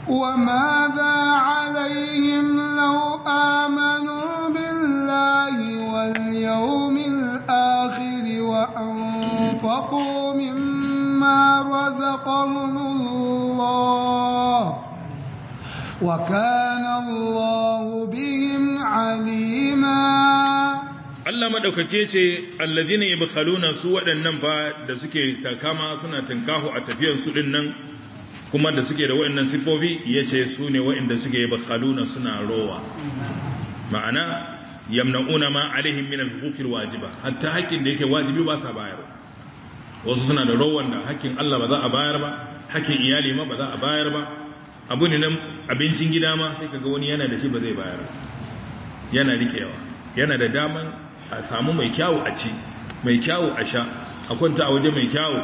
وماذا عليهم لو آمنوا بالله واليوم الآخر وأنفقوا مما رزقهم الله وكان الله بهم alima Allah madaukake ce allazina yabkhaluna su waɗannan fa da suke takama suna tinkahu a tafiyar su ɗinnan kuma da suke da waɗannan sifofi yace su ne waɗanda suke yabkhaluna suna rowa ma'ana yamna'una ma alaihim min al-huquqil wajiba hatta haƙin da yake wajibi ba sa bayar wasu suna da rowan da haƙin Allah ba za a bayar ba haƙin iyali ma ba za a bayar ba abu ne nan abincin gida ma sai kaga wani yana da shi ba zai bayar ba yana rikewa yana da daman a samu mai kyawu a ci mai kyawu a sha a kwanta a waje mai kyawu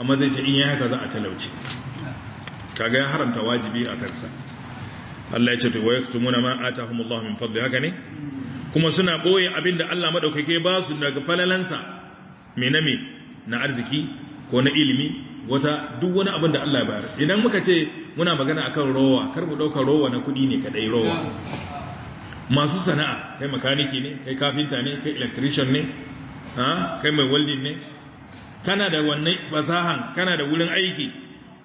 a zai ce in yi haka za a talauci kaga ya haramta wajibi a kansa Allah ya ce to wayaktumuna ma atahumullahu min fadli haka ne kuma suna boye abinda Allah madaukake ba su daga falalansa me na me arziki ko na ilimi wata duk wani abin da Allah ya bayar idan muka ce muna magana akan rowa kar mu dauka rowa na kudi ne kadai rowa masu sana'a kai makaniki ne kai kafinta ne kai electrician ne kai mai welding ne kana da wannan fasahan kana da wurin aiki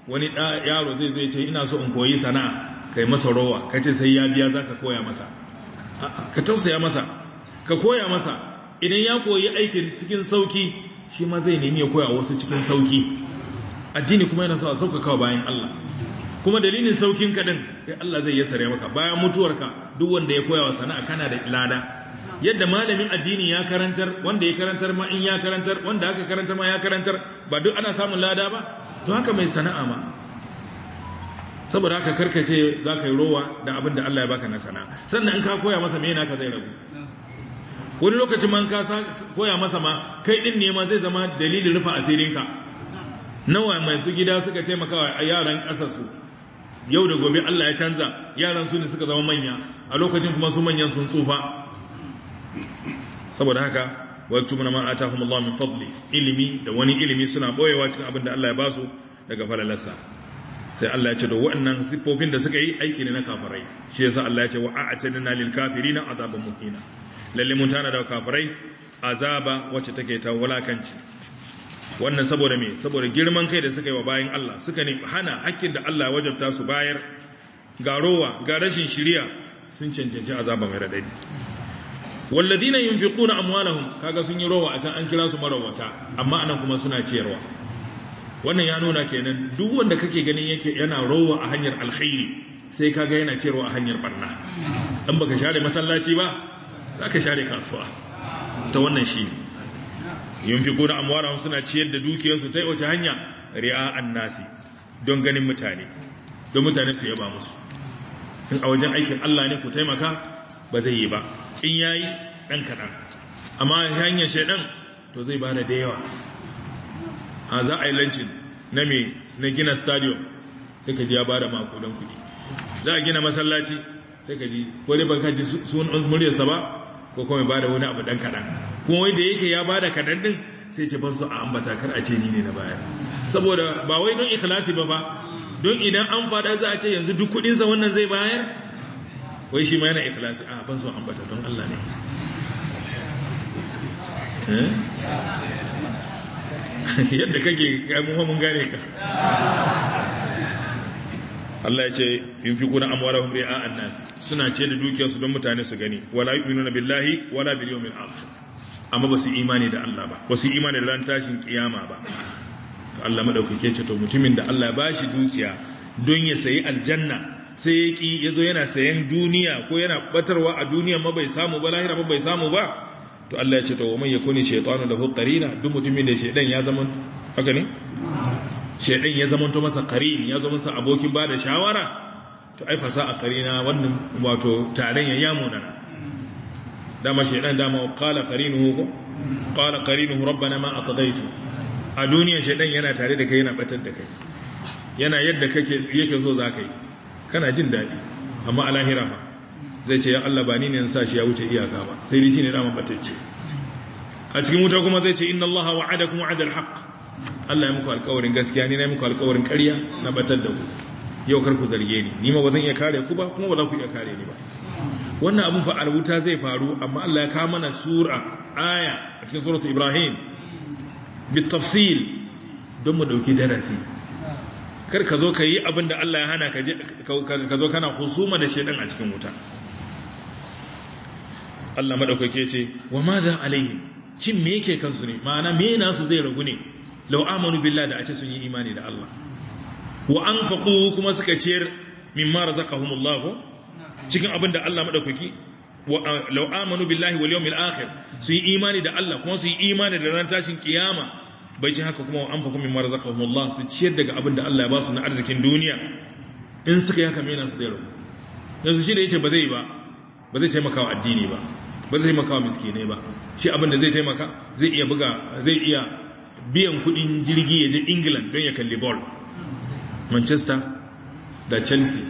wani yaro zai zai ce ina so in koyi sana'a kai masa rowa ka ce sai ya biya za ka koya masa ka tausaya masa ka koya masa idan ya koyi aikin cikin sauki shi ma zai nemi ya koya wasu cikin sauki addini kuma yana so a sauƙaƙa bayan Allah kuma dalilin saukin kaɗan, kai Allah zai yasare maka bayan mutuwarka duk wanda ya koya wa sana'a kana da lada yadda malamin addini ya karantar wanda ya karantar ma in ya karantar wanda aka karantar ma ya karantar ba duk ana samun lada ba to haka mai sana'a ma saboda haka karkace za ka yi rowa da abin da Allah ya baka na sana'a sannan in ka koya masa me naka zai rabu wani lokacin man ka koya masa ma kai din ne ma zai zama dalilin rufa asirinka nawa mai su gida suka taimaka wa yaran ƙasarsu yau da gobe Allah ya canza yaran su ne suka zama manya a lokacin kuma su manyan sun tsufa saboda haka wacce muna ma atahum Allah min fadli ilimi da wani ilimi suna boyewa cikin abin da Allah ya basu daga falalarsa sai Allah ya ce da waɗannan siffofin da suka yi aiki ne na kafirai shi yasa Allah ya ce wa a'tadna lil kafirina azaban muhina lalle mun tana da kafirai azaba wacce take ta wulakanci wannan saboda me saboda girman kai da suka yi wa bayan Allah suka ne hana hakkin da Allah wajabta su bayar ga rowa ga rashin shiriya sun cancanci azaban mai radadi walladina yunfiquna amwalahum kaga sun yi rowa a can an kira su marawata amma anan kuma suna ciyarwa wannan ya nuna kenan duk wanda kake ganin yake yana rowa a hanyar alkhairi sai kaga yana ciyarwa a hanyar barna dan baka share masallaci ba zaka share kasuwa ta wannan shine fi yunfikuna amwalahum suna ciyar da dukiyarsu ta wace hanya ri'a an nasi don ganin mutane don mutane su yaba musu in a wajen aikin Allah ne ku taimaka ba zai yi ba in ya yi ɗan kaɗan. amma hanyar shaɗan to zai ba da yawa a za a yi lancin na me na gina stadium sai ka ji ya bada makudan kuɗi. za a gina masallaci sai ka ji ko dai baka ji sun muryarsa ba ko kuma ya bada wani abu dan kaɗan kuma wanda yake ya bada kaɗan din sai ce ban su a ambata kar a ce ni ne na bayar saboda ba wai don ikhlasi ba ba don idan an faɗa za a ce yanzu duk kuɗinsa wannan zai bayar wai shi ma yana ikhlasi ah, a ban su ambata don Allah ne eh? yadda kake mun gane ka Allah ya ce fi yunfiquna amwalahum ri'a an-nas suna ce da dukiyarsu don mutane su gani wala yu'minuna billahi wala bil yawmil akhir amma basu imani da Allah ba basu imani da ran tashin kiyama ba to Allah madaukake ce to mutumin da Allah ba shi dukiya don ya sayi aljanna sai ya ki yazo yana sayan duniya ko yana batarwa a duniya ma bai samu ba lahira ma bai samu ba to Allah ya ce to wa man yakuni shaytanu lahu qarina duk mutumin da shedan ya zama haka ne shaidan ya zama to masa karin ya zama masa abokin ba da shawara to ai fasa a karina wannan wato taron ya yamuna na dama shaidan dama qala qarinuhu ko qala qarinuhu rabbana ma atadaitu a duniya shaidan yana tare da kai yana batar da kai yana yadda kake yake so za ka yi kana jin daɗi amma a lahira ba zai ce ya Allah ba ni ne sa shi ya wuce iyaka ba sai dai shine dama batacce a cikin wuta kuma zai ce inna Allah wa'adakum wa'adal haqq Allah ya muku alkawarin gaskiya ne na muku alkawarin ƙarya na batar da ku yau karku zarge ni ni ma ba zan iya kare ku ba kuma ba za ku iya kare ni ba wannan abin fa'ar wuta zai faru amma Allah ya kawo mana sura aya a cikin suratul ibrahim tafsil don mu dauki darasi kar ka zo ka yi abin da Allah ya hana ka zo kana husuma da shedan a cikin wuta Allah madaukake ce wa ma za alaihim cin me yake kansu ne ma'ana me nasu zai ragu ne Lau amanu da sun yi imani da Allah wa anfaqu kuma suka ciyar mimma razaqahumullah cikin abin da Allah billahi wal akhir yi imani da Allah kuma yi imani da ran tashin kiyama bai ci haka kuma wa anfaqu su ciyar daga abin da Allah ya ba su na arzikin duniya in suka yi haka su yanzu shi da ba zai ba ba zai taimaka wa addini ba ba zai taimaka wa miskinai ba shi abin da zai taimaka zai iya buga zai iya biyan kudin jirgi ya je england don ya kalli ball manchester da chelsea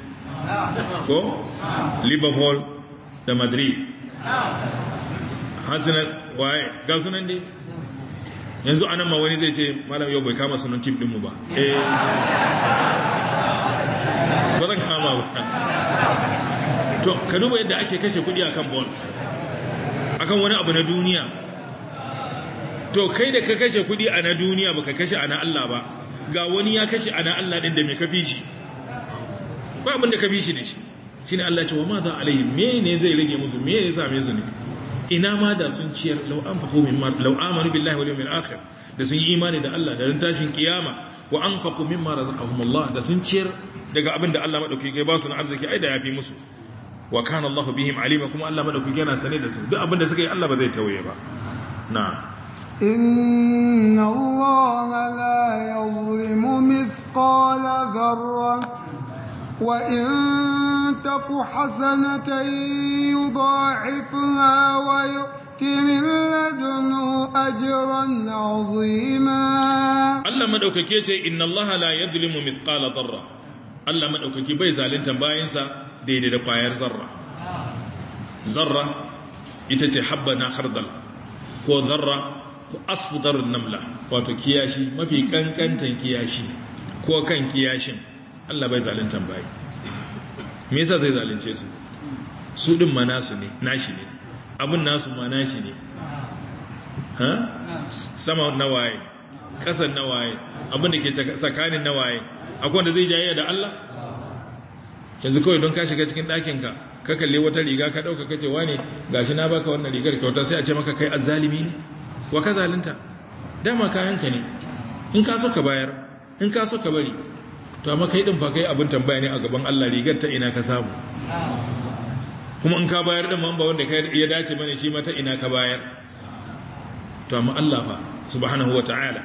ko liverpool da madrid arsenal waye ga sunan dai yanzu anan ma wani zai ce malam yau bai kama sunan tim dinmu ba eh ba zan kama ba to ka duba yadda ake kashe kudi akan ball akan wani abu na duniya to kai da ka kashe kudi a na duniya ba ka kashe a na Allah ba ga wani ya kashe a na Allah ɗin da mai kafi shi ba abin da kafi shi da shi shine Allah ce wa ma za alaihi me ne zai rage musu me ya same su ne ina ma da sun ciyar law anfaqu mimma law amanu billahi wal yawmil akhir da sun yi imani da Allah da ran tashin kiyama wa anfaqu mimma razaqahum Allah da sun ciyar daga abin da Allah madaukake ya ba su na arziki ai da yafi musu wa kana Allah bihim alima kuma Allah madaukake yana sane da su duk abin da suka yi Allah ba zai tawaye ba na'am إن الله لا يظلم مثقال ذرة وإن تك حسنة يضاعفها ويؤت من لدنه أجرا عظيما الله مدوككي ce إن الله لا يظلم مثقال ذرة Allah madaukaki bai zalunta bayansa daidai da kwayar zarra zarra ita ce habba na hardal ko zarra asdarun namla wato kiyashi mafi kankantan kiyashi ko kan kiyashin Allah bai zalunta bai me yasa zai zalunce su su din ma nasu ne nashi ne Abun nasu ma nashi ne ha sama nawaye kasan nawaye abin da ke tsakanin nawaye akwai wanda zai jayayya da Allah yanzu kawai don ka shiga cikin ɗakinka ka kalle wata riga ka ɗauka kace wane gashi na baka wannan rigar kyauta sai a ce maka kai azzalimi ne wa ka zalunta dama kayanka ne in ka so ka bayar in ka so ka bari to amma kai din fa kai abin tambaya ne a gaban Allah rigar ta ina ka samu kuma in ka bayar din man ba wanda ya dace bane shi ma ta ina ka bayar to amma Allah fa subhanahu wa ta'ala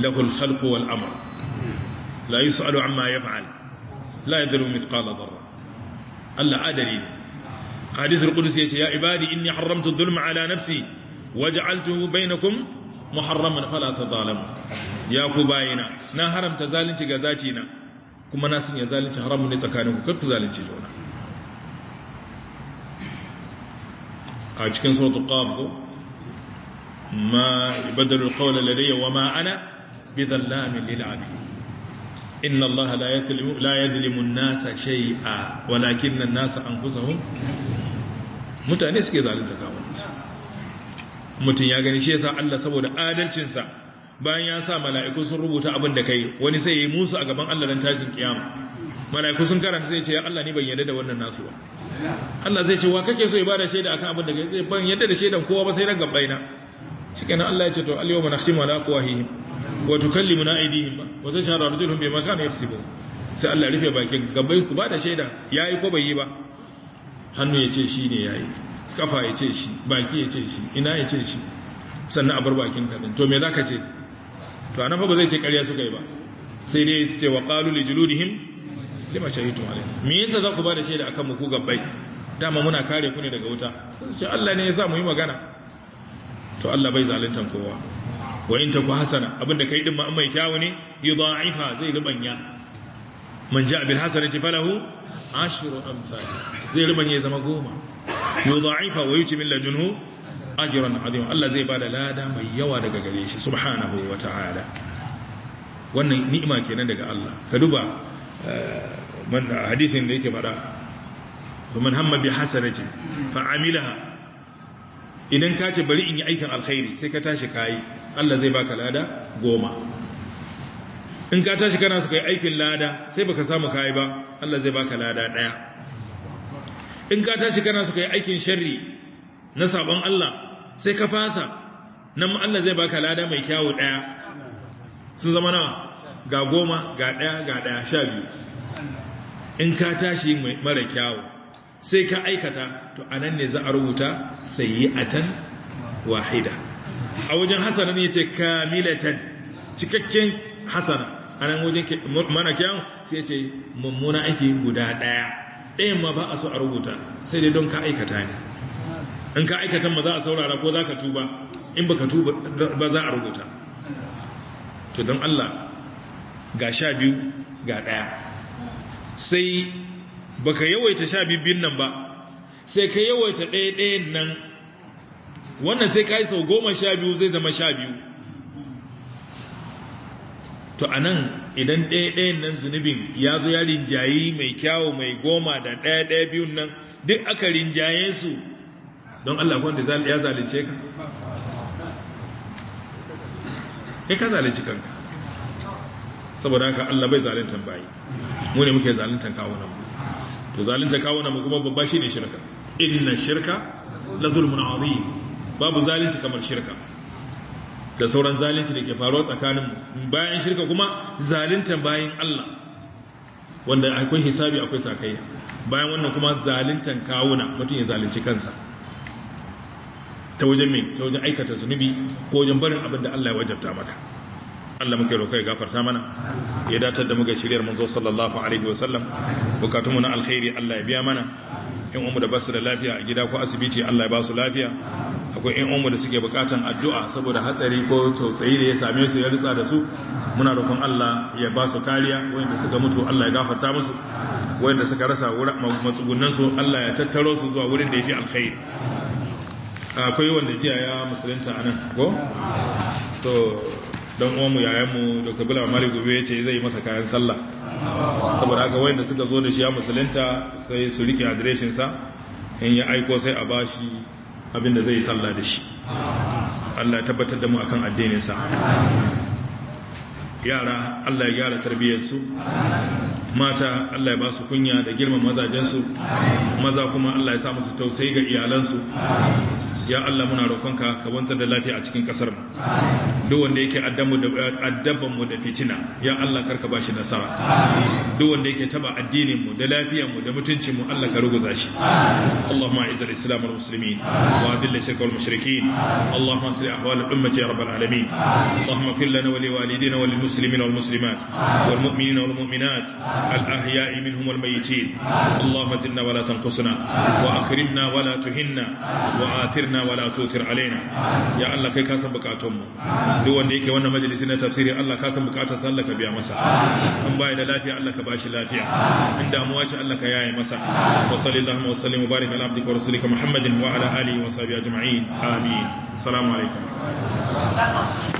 lahul khalq wal amr la yus'alu amma yaf'al la yadru mithqala dharra Allah adali ne hadithul qudsi yace ya ibadi inni haramtu dhulma ala nafsi waj'altuhu bainakum muharraman fala tazalamu ya ku bayina na haramta zalunci ga zati na kuma na sanya zalunci haramun ne tsakaninku kar ku zalunci juna a cikin suratul qaf ko ma badalu qawla ladayya wa ma ana bidhallamin lil abid inna allaha la yadhlimu la yadhlimu an-nasa shay'a walakinna an-nasa anfusahum mutane suke zalunta kawo mutum ya gani shi ya sa Allah saboda adalcinsa bayan ya sa mala'iku sun rubuta abin da ka yi, wani sai ya yi musu a gaban Allah ran tashin kiyama mala'iku sun karanta sai ce ya Allah ni ban yarda da wannan nasu ba Allah zai ce wa kake so ya bada shaida akan abin da ka kai zai ban yadda da shaidan kowa ba sai ran gabaina shikenan Allah ya ce to al-yawma nakhtimu ala afwahihim wa tukallimuna aydihim wa bai maka bima kanu ba, sai Allah ya rufe bakin gabai ku bada shaida ya yi ko bai yi ba hannu ya ce shi ne ya yi. kafa ya ce shi baki ya ce shi ina ya ce shi sannan abar bakin kafin to me za ka ce to a nafa ba zai ce karya suka yi ba sai dai su ce wa ƙalu li juludihim lima shahidu alaihi me yasa za ku ba da shaida akan mu ku gabbai dama muna kare ku ne daga wuta sai ce Allah ne ya sa mu yi magana to Allah bai zaluntan kowa wa in taku hasana abinda kai din ma mai kyawu ne yudha'ifa zai rubanya man ja'a bil hasanati falahu ashru amsal zai rubanya zama goma yudha'ifa wa yuti min ladunhu ajran azim Allah zai bada lada mai yawa daga gare shi subhanahu wa ta'ala wannan ni'ima kenan daga Allah ka duba eh, man hadisin da yake fada man hamma bi hasanati fa amilaha idan ka ce bari in yi aikin alkhairi sai ka tashi kayi Allah zai baka lada goma in ka tashi kana su kai aikin lada sai baka samu kayi ba Allah zai baka lada daya in ka tashi kana suka yi aikin sharri na sabon Allah sai ka fasa nan Allah zai baka lada mai kyawu daya sun zama nawa ga goma ga ɗaya, ga daya sha biyu in ka tashi mara kyawu sai ka aikata to anan ne za a rubuta sayi'atan wahida a wajen hasana ne ce kamilatan cikakken hasana a nan wajen mana kyawun sai ce mummuna aiki guda ɗaya. ɗayan ma ba a so a rubuta sai dai don ka aikata ne in ka aikatan ma za a saurara ko za ka tuba in ba ka tuba ba za a rubuta to don Allah ga sha biyu ga ɗaya sai ba ka yawaita sha biyun nan ba sai ka yawaita ɗaya-ɗayan nan wannan sai ka yi sau goma sha biyu zai zama sha biyu to a nan idan ɗaya ɗayan nan zunubin ya zo ya rinjayi mai kyawo mai goma da ɗaya ɗaya biyun nan duk aka rinjaye su don Allah da ya zalunce ka kai ka zalunci kanka saboda haka Allah bai zaluntan bayi mu ne muke zaluntan kawunan mu to zalintan kawunan mu kuma babba shi ne shirka inna shirka la zulmun azim babu zalunci kamar shirka da sauran zalunci da ke faruwa tsakanin bayan shirka kuma zaluntan bayan Allah wanda akwai hisabi akwai sakayya bayan wannan kuma zaluntan kawuna mutum ya zalunci kansa ta wajen mai ta wajen aikata zunubi ko wajen barin abin da Allah ya wajabta maka Allah muke roƙa ya gafarta mana ya datar da muka shiryar manzo sallallahu alaihi wasallam bukatunmu na alkhairi Allah ya biya mana yan umu da basu da lafiya a gida ko asibiti Allah ya basu lafiya akwai yan umu da suke bukatan addu'a saboda hatsari ko tsotsayi da ya same su ya ritsa da su muna roƙon Allah ya ba su kariya wanda suka mutu Allah ya gafarta musu wanda suka rasa matsugunan su Allah ya tattaro su zuwa wurin da ya fi alkhairi akwai wanda jiya ya musulunta anan ko to don uwanmu yayanmu dr bula mari gobe ya ce zai masa kayan sallah saboda haka wayanda suka zo da shi ya musulunta sai su rike adireshinsa in ya aiko sai a bashi abinda zai sallah da shi Allah ya tabbatar da mu akan sa. yara Allah ya gyara tarbiyyarsu mata Allah ya ba su kunya da girman mazajensu maza kuma Allah ya sa musu tausayi ga iyalansu ya Allah muna roƙonka ka wanzar da lafiya a cikin ƙasar mu duk wanda yake addaban mu da fitina ya Allah karka bashi nasara duk wanda yake taba addinin mu da lafiyar mu da mutuncin mu Allah ka ruguza shi Allahumma izza al-islam wal muslimin wa adilla shirka wal mushrikin Allahumma asli ahwal al-ummati ya rabbal alamin Allahumma fil lana wa li walidina wa lil muslimin wal muslimat wal mu'minina wal mu'minat al ahya'i minhum wal mayyitin Allahumma zidna wa la tanqusna wa akrimna wa la tuhinna wa athirna تؤثرنا ولا تؤثر علينا يا الله كي كاسم yake wannan majalisi na tafsiri Allah ka bukatar sa Allah ka biya masa an bai da lafiya Allah ka bashi lafiya in damuwa ce Allah ka yaye masa wa sallallahu wa sallim wa ala abdika wa rasulika muhammadin wa ala alihi wa sahbihi ajma'in amin assalamu alaikum